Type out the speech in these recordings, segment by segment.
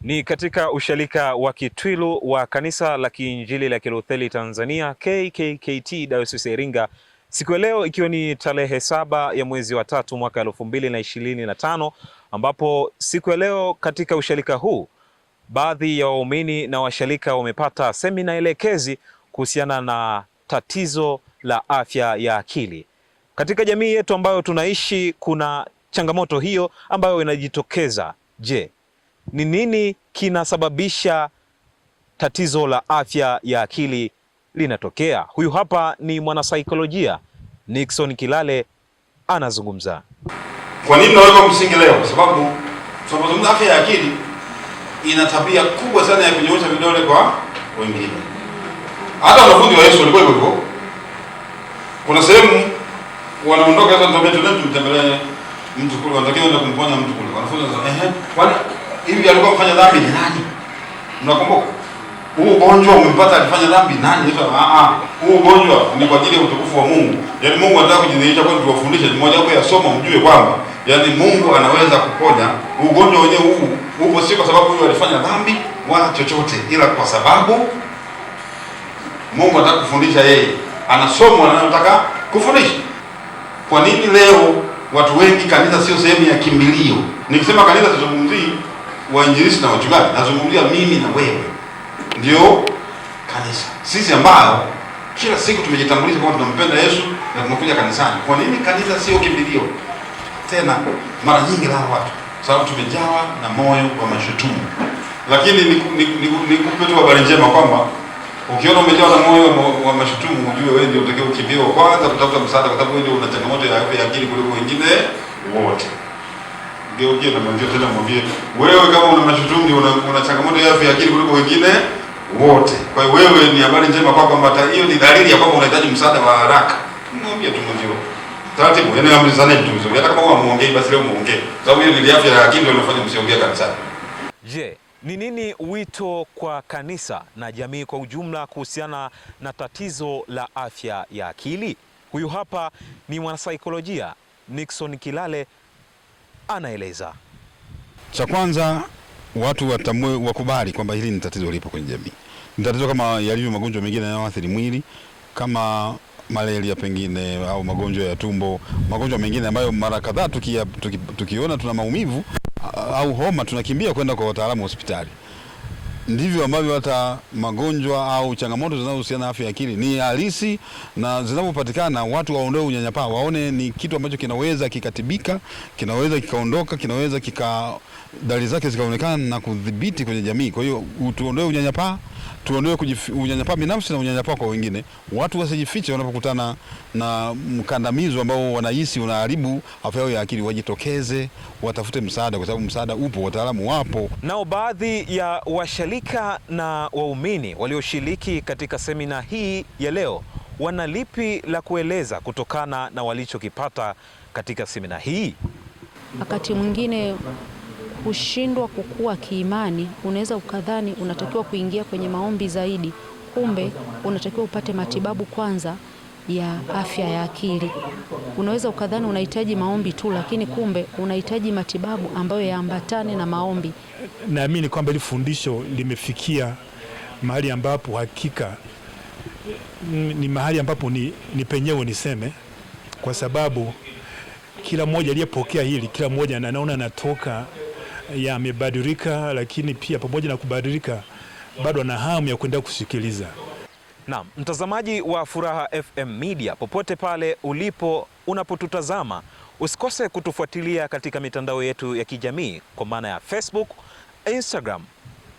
Ni katika usharika wa Kitwilu wa Kanisa la Kiinjili la Kilutheri Tanzania KKKT Dayosisi ya Iringa, siku ya leo ikiwa ni tarehe saba ya mwezi wa tatu mwaka elfu mbili na ishirini na tano ambapo siku ya leo katika usharika huu baadhi ya waumini na washarika wamepata semina elekezi kuhusiana na tatizo la afya ya akili katika jamii yetu ambayo tunaishi. Kuna changamoto hiyo ambayo inajitokeza. Je, ni nini kinasababisha tatizo la afya ya akili linatokea? Huyu hapa ni mwanasaikolojia Nixon Kilale anazungumza. Kwa nini naweka msingi leo? Kwa sababu tunapozungumza afya ya akili ina tabia kubwa sana ya kunyoosha vidole kwa wengine. Hata wanafunzi wa Yesu walikuwa hivyo. Kuna sehemu wanaondoka sasa, tunatembea tunatembelea mtu kule, wanatakiwa kwenda kumponya mtu kule. Wanafunzi wanasema ehe, kwani hivi alikuwa kufanya dhambi ni nani? Unakumbuka Huu ugonjwa umempata alifanya dhambi nani? Yesu ah ah. Huu ugonjwa ni kwa ajili ya utukufu wa Mungu. Yaani Mungu anataka kujidhihirisha kwa tuwafundishe mmoja wapo ya somo mjue kwamba yaani Mungu anaweza kuponya ugonjwa wenyewe huu. Upo si kwa sababu huyu alifanya dhambi wala chochote ila kwa sababu Mungu anataka kufundisha yeye. Ana somo analotaka kufundisha. Kwa nini leo watu wengi kanisa sio sehemu ya kimbilio? Nikisema kanisa tuzungumzii wainjilisi na wachungaji, nazungumzia mimi na wewe, ndio kanisa. Sisi ambao kila siku tumejitambulisha kwamba tunampenda Yesu na tunakuja kanisani. Kwa nini kanisa sio kimbilio tena mara nyingi la watu? Sababu tumejawa na moyo wa mashutumu. Lakini nikupe tu habari njema kwamba ukiona umejawa na moyo wa mashutumu, ujue wewe ndio utakayokimbia kwanza kutafuta msaada, kwa sababu wewe ndio una changamoto ya ya akili kuliko wengine wote. Mgeukie na mwenzio tena mwambie, wewe kama una mashutungi una, una changamoto ya afya akili kuliko wengine wote. Kwa hiyo wewe ni habari njema kwa kwamba hiyo ni dalili ya kwamba unahitaji msaada wa haraka. Mwambie tu mwenzio. Taratibu, yani amri sana mtu mzuri. Hata kama muongee basi leo muongee. Sababu hiyo ni afya ya akili ndio inafanya msiongee kanisani. Je, ni nini wito kwa kanisa na jamii kwa ujumla kuhusiana na tatizo la afya ya akili? Huyu hapa ni mwanasaikolojia Nixon Kilale anaeleza. Cha kwanza watu watambue, wakubali kwamba hili ni tatizo lipo kwenye jamii, ni tatizo kama yalivyo magonjwa mengine yanayoathiri mwili kama malaria pengine au magonjwa ya tumbo, magonjwa mengine ambayo mara kadhaa tukiona tuki, tuki tuna maumivu au homa tunakimbia kwenda kwa wataalamu hospitali ndivyo ambavyo hata magonjwa au changamoto zinazohusiana na afya ya akili ni halisi na zinapopatikana, watu waondoe unyanyapaa, waone ni kitu ambacho kinaweza kikatibika, kinaweza kikaondoka, kinaweza kika dalili zake zikaonekana na kudhibiti kwenye jamii. Kwa hiyo tuondoe unyanyapaa tuondoe unyanyapaa binafsi na unyanyapaa kwa wengine. Watu wasijifiche wanapokutana na mkandamizo ambao wanahisi unaharibu afya yao ya akili, wajitokeze, watafute msaada, kwa sababu msaada upo, wataalamu wapo. Nao baadhi ya washalika na waumini walioshiriki katika semina hii ya leo wana lipi la kueleza kutokana na walichokipata katika semina hii? Wakati mwingine kushindwa kukua kiimani, unaweza ukadhani unatakiwa kuingia kwenye maombi zaidi, kumbe unatakiwa upate matibabu kwanza ya afya ya akili. Unaweza ukadhani unahitaji maombi tu, lakini kumbe unahitaji matibabu ambayo yaambatane na maombi. Naamini kwamba hili fundisho limefikia mahali ambapo hakika ni mahali ambapo ni, ni penyewe niseme, kwa sababu kila mmoja aliyepokea hili, kila mmoja anaona anatoka yamebadilika, lakini pia pamoja na kubadilika bado ana hamu ya kuendelea kusikiliza. Naam, mtazamaji wa Furaha FM Media, popote pale ulipo unapotutazama, usikose kutufuatilia katika mitandao yetu ya kijamii kwa maana ya Facebook, Instagram,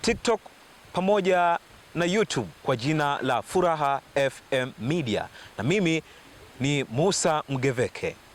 TikTok pamoja na YouTube kwa jina la Furaha FM Media, na mimi ni Musa Mgeveke.